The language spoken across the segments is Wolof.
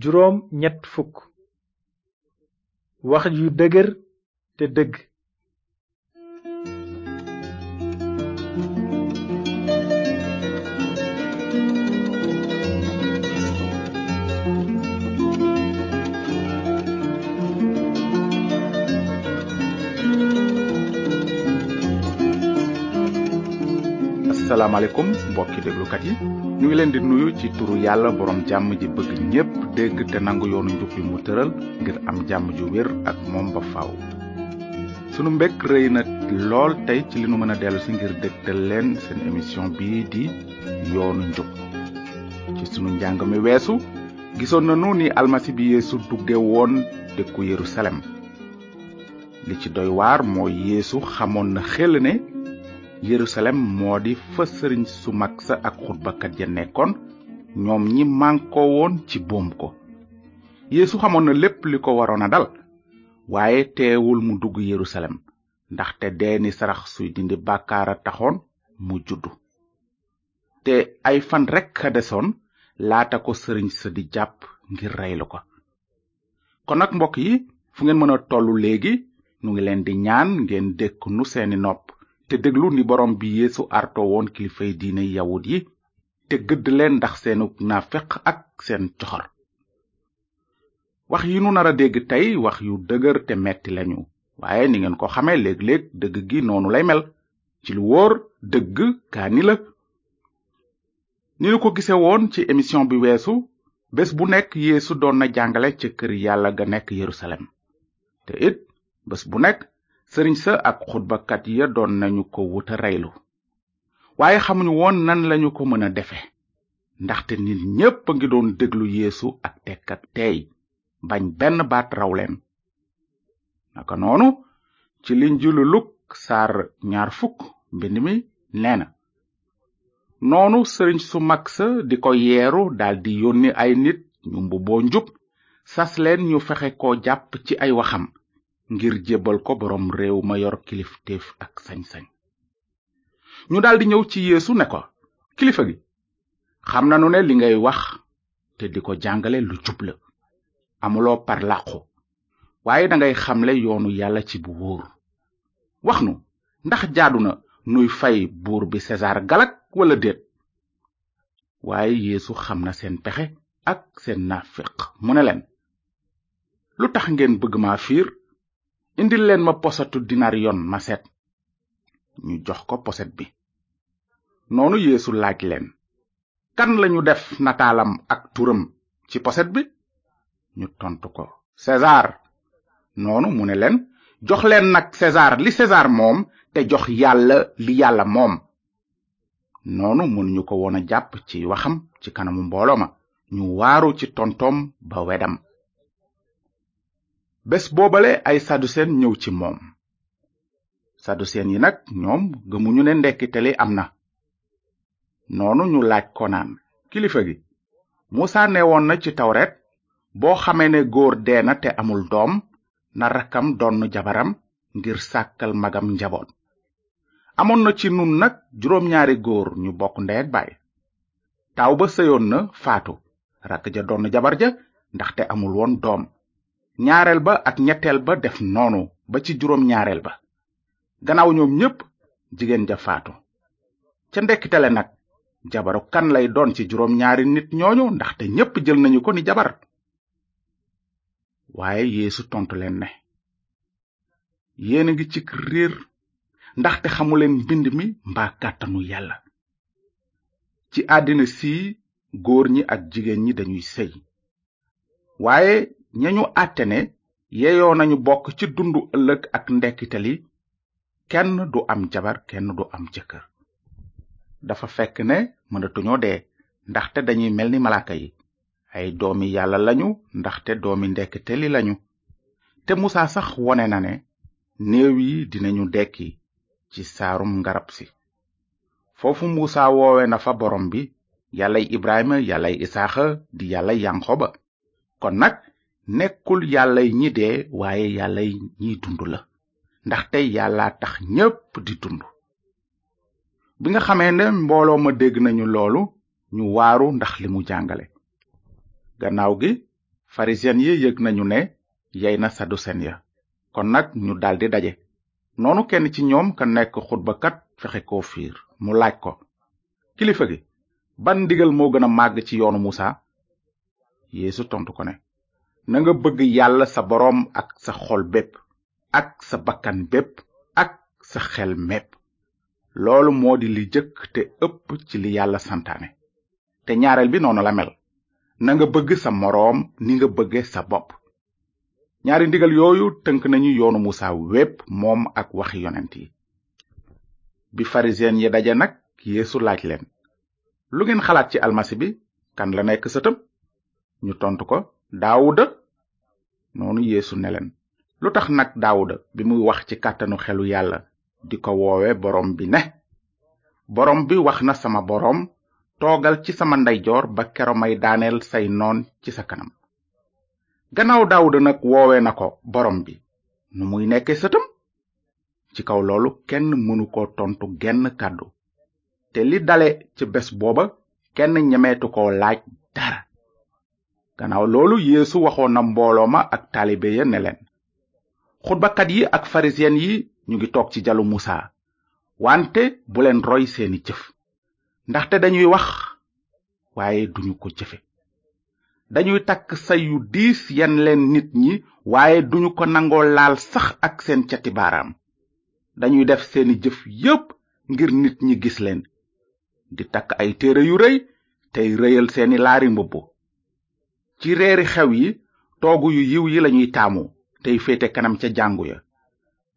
juróom ñett fukk wax yu dëgër te dëgg salaamaaleykum mbokki déglukat yi ñu ngi leen di nuyu ci turu yàlla boroom jàmm ji bëgg ñépp dégg te nangu yoonu njub yi mu tëral ngir am jàmm ju wér ak moom ba faaw. sunu mbékk rëy na lool tey ci li nu mën a dellu si ngir dégtal leen seen émission bii di yoonu njub ci sunu njàng mi weesu gisoon nanu ni almasi bi yeesu dugge woon dëkku yerusalem li ci doy waar moo yéesu xamoon na xel ne. yerusalem moo di fa sëriñ su mag sa ak xutbakat ya nekkoon ñoom ñi mànkoo woon ci boom ko yeesu xamoon na lépp li ko waroon a dal waaye teewul mu dugg yerusalem ndaxte deeni sarax suy dindi bàkkaar a taxoon mu juddu te ay fan rekk a desoon laata ko sëriñ sa di jàpp ngir reylu ko kon nag mbokk yi fu ngeen mën tollu léegi nu ngi leen di ñaan ngeen dékk nu seeni nopp te déglu ni borom bi yéesu arto woon kilifay diine yawut yi te gëdd leen ndax seenu naafeq ak seen coxor wax yi nu nar a dégg tey wax yu dëgër te metti lañu waaye ni ngeen ko xamee léeg-léeg dëgg gi noonu lay mel ci lu wóor dëgg kaani la ni nu ko gise woon ci émission bi weesu bés bu nekk yeesu doon na jàngale ca kër yàlla ga nekk yerusalem te it bés bu nekk sëriñ sa ak xutbakat ya doon nañu ko wuta reylu waaye xamuñu woon nan lañu ko mën a defe ndaxte nit ñépp a ngi doon déglu yéesu ak tekk ak teey bañ benn baat rawleen leen naka noonu ci linjilu luk saar ñaar fukk mbind mi nee na noonu sëriñ su mag sa di ko yeeru daldi yónni ay nit ñu mbubboo njub sas leen ñu fexe ko jàpp ci ay waxam ngir jébbal ko boroom réew ma yor kilifteef ak sañ-sañ ñu daldi ñëw ci yeesu ne kilifa gi xam nanu ne li ngay wax te di ko jàngale lu jub la amuloo parlaqu waaye dangay xamle yoonu yàlla ci bu wóor wax nu ndax jaadu na nuy fay buur bi sesaar galak wala déet waaye yésu xam na seen pexe ak seen nafiq mu ne leen lu tax ngeen bëgg ma fiir indil leen ma posetu dinar yoon ma seet ñu jox ko poset bi noonu yéesu laaj leen kan lañu def nataalam ak turam ci poset bi ñu tontu ko César noonu mu ne leen jox leen nag César li César moom te jox yàlla li yàlla moom noonu mënuñu ko woon a jàpp ci waxam ci kanamu mbooloo ma ñu waaru ci tontoom ba wedam bés boobale ay saduseen ñëw ci moom saduseen yi nag ñoom gëmuñu ne ndekkite li am na noonu ñu laaj konaan kilifa gi muusa ne woon na ci tawret boo xamee ne góor dee na te amul doom na rakkam donn jabaram ngir sàkkal magam njaboot amoon na ci nun nag juróom ñaari góor ñu bokk ndey ak taaw ba sëyoon na faatu rakk ja donn jabar ja ndaxte amul woon doom ñaareel ba ak ñetteel ba def noonu ba ci juróom ñaareel ba gannaaw ñoom ñépp jigéen ja faatu ca ndekkitale nag jabaru kan lay doon ci juróom ñaari nit ñooñu ndaxte ñépp jël nañu ko ni jabar waaye yéesu tontu leen ne yéen ngi cik riir ndaxte xamuleen mbind mi mbaa kàttanu yàlla ci àddina sii góor ñi ak jigéen ñi dañuy sey waaye ñañu àtte ne yeyoo nañu bokk ci dundu ëllëg ak ndekkitali kenn du am jabar kenn du am jëkkër dafa fekk ne mënatuñoo dee ndaxte dañuy mel ni malaaka yi ay doomi yàlla lañu ndaxte doomi ndekkitali lañu te musaa sax wone na ne néew yi dinañu dekki ci saarum garab si foofu musaa woowe na fa borom bi yàlla ibrahima yàllay isaaxa di yàlla yanqoba kon nag nekkul yàllay ñi dee waaye yàllay ñiy dund la tey yàlla tax ñépp di dund bi nga xamee ne mbooloo ma dégg nañu loolu ñu waaru ndax li mu jàngale gannaaw gi farisiyen yi yég nañu ne yey na sadusen ya kon nag ñu daldi daje noonu kenn ci ñoom ka nekk xutbakat fexe ko fiir mu laaj ko kilifa gi ban ndigal moo gën a màgg ci yoonu musa yéesu tontu ko ne na nga bëgg yàlla sa boroom ak sa xol bépp ak sa bakkan bépp ak sa xel mépp loolu moo di li jëkk te ëpp ci li yàlla santaane te ñaareel bi noonu la mel na nga bëgg sa moroom ni nga bëgge sa bopp ñaari ndigal yooyu tënk nañu yoonu Musaa wépp moom ak waxi yonent yi bi farisiyen yi daje nag yéesu laaj leen lu ngeen xalaat ci almasi bi kan la nekk sëtam ñu tontu ko daawuda noonu yéesu ne leen lu tax nag daawuda bi muy wax ci kàttanu xelu yàlla di ko woowe boroom bi ne boroom bi wax na sama boroom toogal ci sama ndeyjoor ba kero may daaneel say noon ci sa kanam gannaaw daawuda nag woowe na ko boroom bi nu muy nekke sëtam ci kaw loolu kenn mënu ko tontu genn kàddu te li dale ci bés booba kenn ñemeetu ko laaj dara gannaaw loolu yeesu waxoon na mbooloo ma ak taalibe ya ne leen xutbakat yi ak farisiyen yi ñu ngi toog ci jalu musa wante buleen roy seeni jëf ndaxte dañuy wax waaye duñu ko jëfe dañuy takk say diis yan leen nit ñi waaye duñu ko nangoo laal sax ak seen cati baaraam dañuy def seeni jëf yépp ngir nit ñi gis leen di takk ay téere yu rëy tey rëyal seeni laari mbubb ci reeri xew yi toogu yu yiw yi lañuy taamu tey féete kanam ca jàngu ya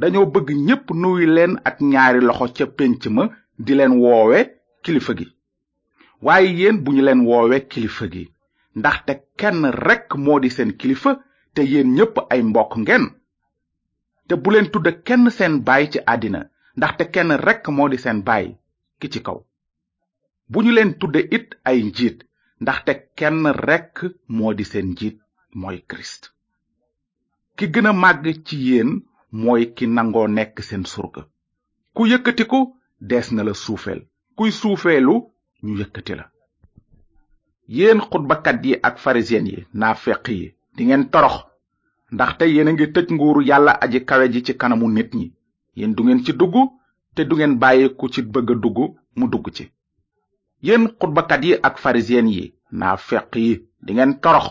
dañoo bëgg ñépp nuyu leen ak ñaari loxo ca pénc ma di leen woowe kilifa gi waaye yéen bu ñu leen woowe kilifa gi ndaxte kenn rekk moo di seen kilifa te yéen ñépp ay mbokk ngeen te bu leen tudda kenn seen baay ci àddina ndaxte kenn rekk moo di seen baay ki ci kaw bu ñu leen tudde it ay njiit ndaxte kenn rekk moo di seen njiit mooy kirist ki gën a màgg ci yéen mooy ki nangoo nekk seen surga ku yëkkatiku dees na la suufeel kuy suufeelu ñu yëkkati la yéen xutbakat yi ak farisiyen yi feq yi dingeen torox ndaxte yéen a ngi tëj nguuru yàlla aji kawe ji ci kanamu nit ñi yéen du ngeen ci dugg te du ngeen bàyyi ci bëgg a dugg mu dugg ci yéen xutbakat yi ak farisiyen yi naafeq yi dingeen torox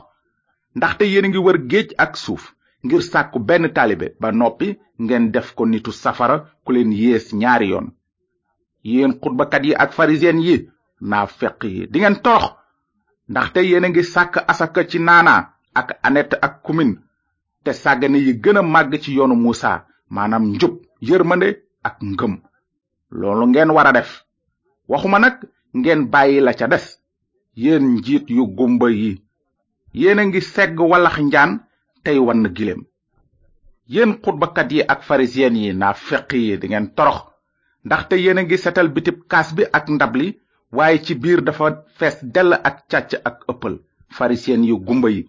ndaxte yéen a ngi wër géej ak suuf ngir sàkku benn taalibe ba noppi ngeen def ko nitu safara ku leen yées ñaari yoon yéen xutbakat yi ak farisiyen yi feq yi dingeen torox ndaxte yéen a ngi sàkk asaka ci naana ak anet ak kumin te sàggane yi gën a màgg ci yoonu muusa maanaam njub yërmande ak ngëm loolu ngeen war a def waxuma nag ngeen bàyyi la ca des yéen njiit yu gumba yi yéen a ngi segg wallax njaan tey wann giléem yéen xutbakat yi ak farisiyen yi naa feq yi ngeen torox ndaxte yéen a ngi setal bitib kaas bi ak ndab li waaye ci biir dafa fees dell ak càcc ak ëppal farisiyen yu gumba yi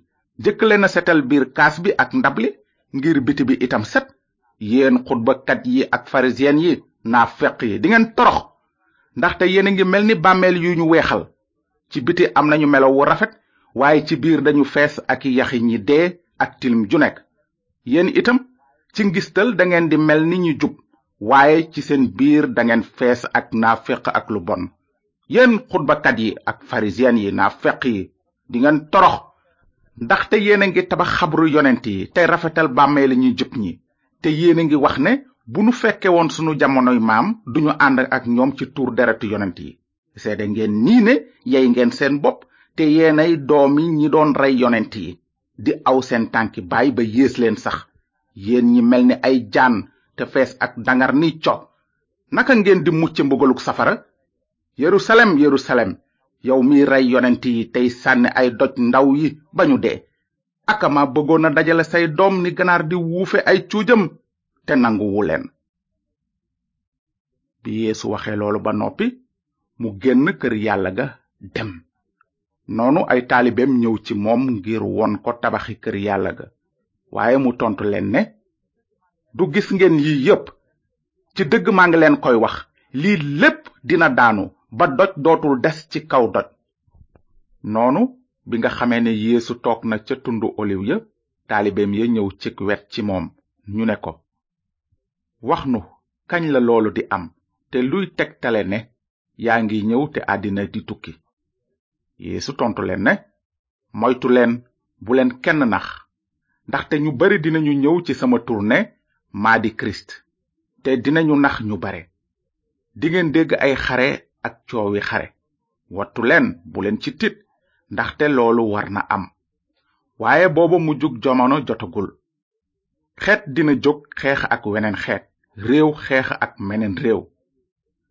jëkk leen a setal biir kaas bi ak ndab li ngir biti bi itam set yéen xutbakat yi ak farisiyen yi naa feq yi dingeen torox ndaxte yéen a ngi mel ni bàmmeel yu ñu weexal ci biti am nañu melaw wu rafet waaye ci biir dañu fees ak yaxi ñi dee ak tilim ju nekk yéen itam ci gistal da ngeen di mel ni ñu jub waaye ci seen biir dangeen fees ak naaféq ak lu bon yéen xutbakat yi ak farisiyen yi naaféq yi dingeen torox ndaxte yéen a ngi tabax xabru yonent yi te rafetal bàmmeeli ñu jub ñi te yéen a ngi wax ne bu nu fekke woon sunu jamono maam duñu ànd ak ñoom ci tuur deretu yonent yi seede ngeen nii ne yey ngeen seen bopp te doom yi ñi doon rey yonent yi di aw seen tànki baay ba yées leen sax yéen ñi mel ni ay jaan te fees ak dangar ni co naka ngeen di mucc mbugaluk safara yerusalem yerusalem yow mi rey yonent yi tey sànni ay doj ndaw yi ba ñu dee akama bëggoon a dajale say doom ni ganaar di wuufe ay cuujam te nanguwu leen bi yeesu waxe loolu ba noppi mu génn kër yàlla ga dem noonu ay taalibeem ñëw ci moom ngir won ko tabaxi kër yàlla ga waaye mu tontu leen ne du gis ngeen yi yépp ci dëgg maa ngi leen koy wax lii lépp dina daanu ba doj dootul des ci kaw doj noonu bi nga xamee ne yeesu toog na ca tundu oliw ya taalibeem ya ñëw cig wet ci moom ñu ne ko wax nu kañ la loolu di am te luy tegtale ne yaa ngi ñëw te àddina di tukki yeesu tontu leen ne moytu leen bu kenn nax ndaxte ñu bari dinañu ñëw ci sama tur ne di kirist te dinañu nax ñu bare dingeen dégg ay xare ak coowi xare wattu leen bu leen ci tit ndaxte loolu war na am waaye booba mujjug jamono jotagul xeet dina jóg xeex ak weneen xeet réew xeex ak meneen réew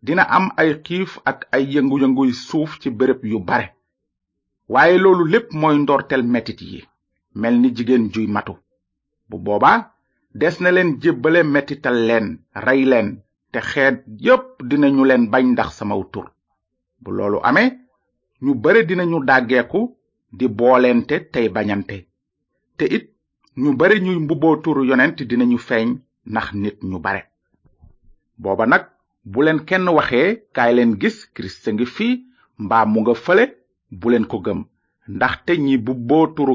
dina am ay xiif ak ay yëngu-yënguy suuf ci béréb yu bare waaye loolu lépp mooy ndoortel metit yi mel ni jigéen juy matu bu booba des na leen jébbale metital leen rey leen te xeet yépp dinañu leen bañ ndax sama tur bu loolu amee ñu bare dinañu dàggeeku di boolente tey bañante te it ñu bare ñuy mbubboo turu yonent dinañu feeñ ndax nit ñu bare booba nag bu leen kenn waxee kaay leen gis kirist ngi fii mbaa mu nga fële bu leen ko gëm ndaxte ñi mbubboo turu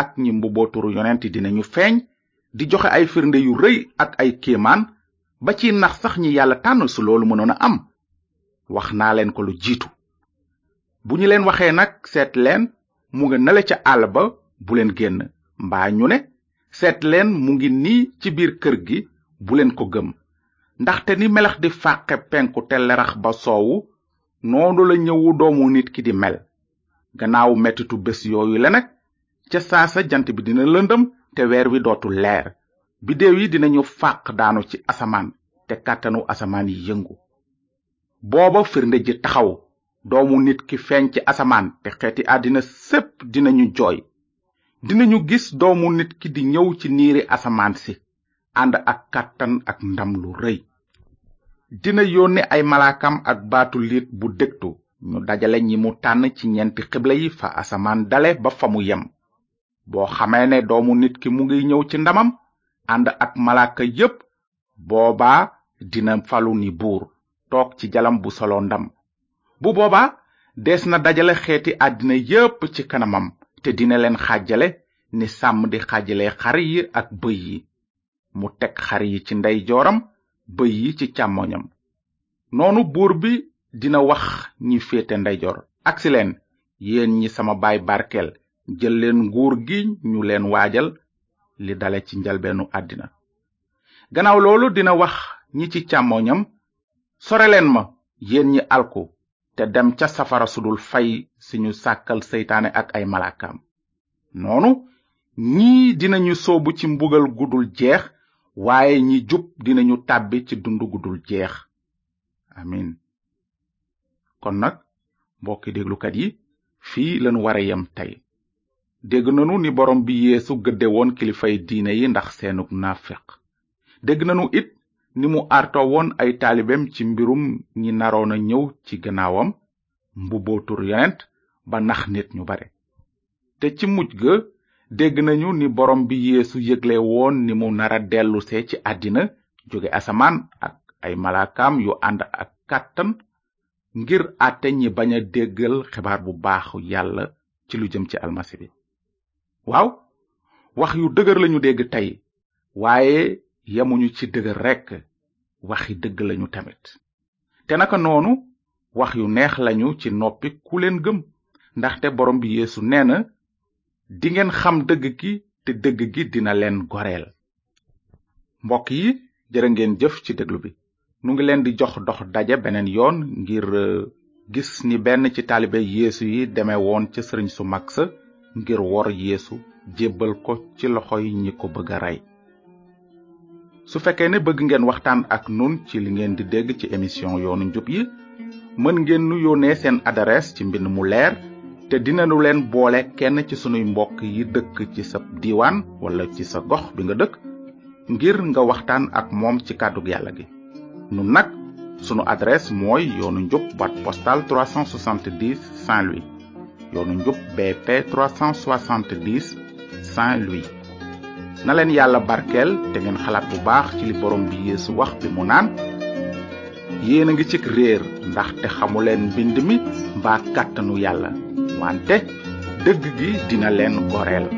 ak ñi mbubboo turu yonent dinañu feeñ di joxe ay firnde yu rëy ak ay kéemaan ba ci nax sax ñi yàlla tànn su loolu mënoon a am wax naa leen ko lu jiitu bu ñu leen waxee nag seet leen mu nga nale ca àll ba bu leen génn mbaa ñu ne seet leen mu ngi nii ci biir kër gi bu leen ko gëm ndaxte ni melax di fàqe penku te lerax ba soowu noonu la ñëwu doomu nit ki di mel gannaaw mettitu bés yooyu la nag ca saasa jant bi dina lëndëm te weer wi dootu leer biddéew yi dinañu fàq daanu ci asamaan te kàttanu asamaan yi yëngu booba firnde ji taxaw doomu nit ki feeñ ci asamaan te xeeti àddina sépp dinañu jooy dinañu gis doomu nit ki di ñëw ci niiri asamaan si ànd ak kàttan ak ndam lu rëy dina yónni ay malaakam ak baatu liit bu dégtu ñu dajale ñi mu tànn ci ñenti xibla yi fa asamaan dale ba fa mu yem boo xamee ne doomu nit ki mu ngi ñëw ci ndamam ànd ak malaaka yépp booba dina falu ni buur toog ci jalam bu solo ndam bu booba des na dajale xeeti àddina yépp ci kanamam te dina leen xaajale ni sàmm di xaajale xar yi ak bëy yi mu teg xar yi ci ndeyjooram bëy yi ci càmmoñam noonu buur bi dina wax ñi féete ndeyjoor agsi leen yéen ñi sama baay barkeel jël leen nguur gi ñu leen waajal li dale ci njalbeenu àddina gannaaw loolu dina wax ñi ci càmmoñam sore leen ma yéen ñi alku te dem ca safara sudul fay si ñu sàkkal seytaane ak ay malaakaam noonu ñii dinañu soobu ci mbugal gudul jeex waaye ñi jub dinañu tàbbi ci dund gudul jeex amin kon nag mbokki déglukat yi fii lañu wara yem tey dégg nanu ni borom bi yeesu gëdde woon kilifay diine yi ndax seenug nafeq dégg nanu it ni mu arto woon ay taalibeem ci mbirum ñi naroon a ñëw ci gannaawam mbubboo tur yonent ba nax nit ñu bare te ci mujj ga dégg nañu ni borom bi yeesu yëgle woon ni mu nara dellusee ci àddina jóge asamaan ak ay malaakaam yu ànd ak kàttan ngir àtte ñi bañ a déggal xibaar bu baaxu yàlla ci lu jëm ci almasi bi waaw wax yu dëgër lañu dégg tey waaye yemuñu ci dëgër rekk waxi dëgg lañu tamit te naka noonu wax yu neex lañu ci noppi ku leen gëm ndaxte borom bi yéesu nee na dingeen xam dëgg gi te dëgg gi dina leen goreel mbokk yi jërë ngeen jëf ci déglu bi nu ngi leen di jox dox daje beneen yoon ngir euh, gis ni benn ci taalibe yéesu yi deme woon ca sëriñ su mag sa ngir wor yéesu jébbal ko ci loxoy ñi ko bëgg a rey su fekkee ne bëgg ngeen waxtaan ak nun ci li ngeen di dégg ci émission yoonu njub yi mën ngeen nu yónnee seen adresse ci mbind mu leer te dinañu leen boole kenn ci sunuy mbokk yi dëkk ci sa diwaan wala ci sa gox bi nga dëkk ngir nga waxtaan ak moom ci kàddu yàlla gi nun nag sunu adresse mooy yoonu njub boîte postale 370 Saint-Louis yoonu njub BP 370 Saint-Louis na leen yàlla barkeel te ngeen xalaat bu baax ci li borom bi Yeesu wax bi mu naan yéen a ngi cig réer ndaxte xamu leen mbind mi mbaa kàttanu yàlla wante dëgg gi dina leen goreel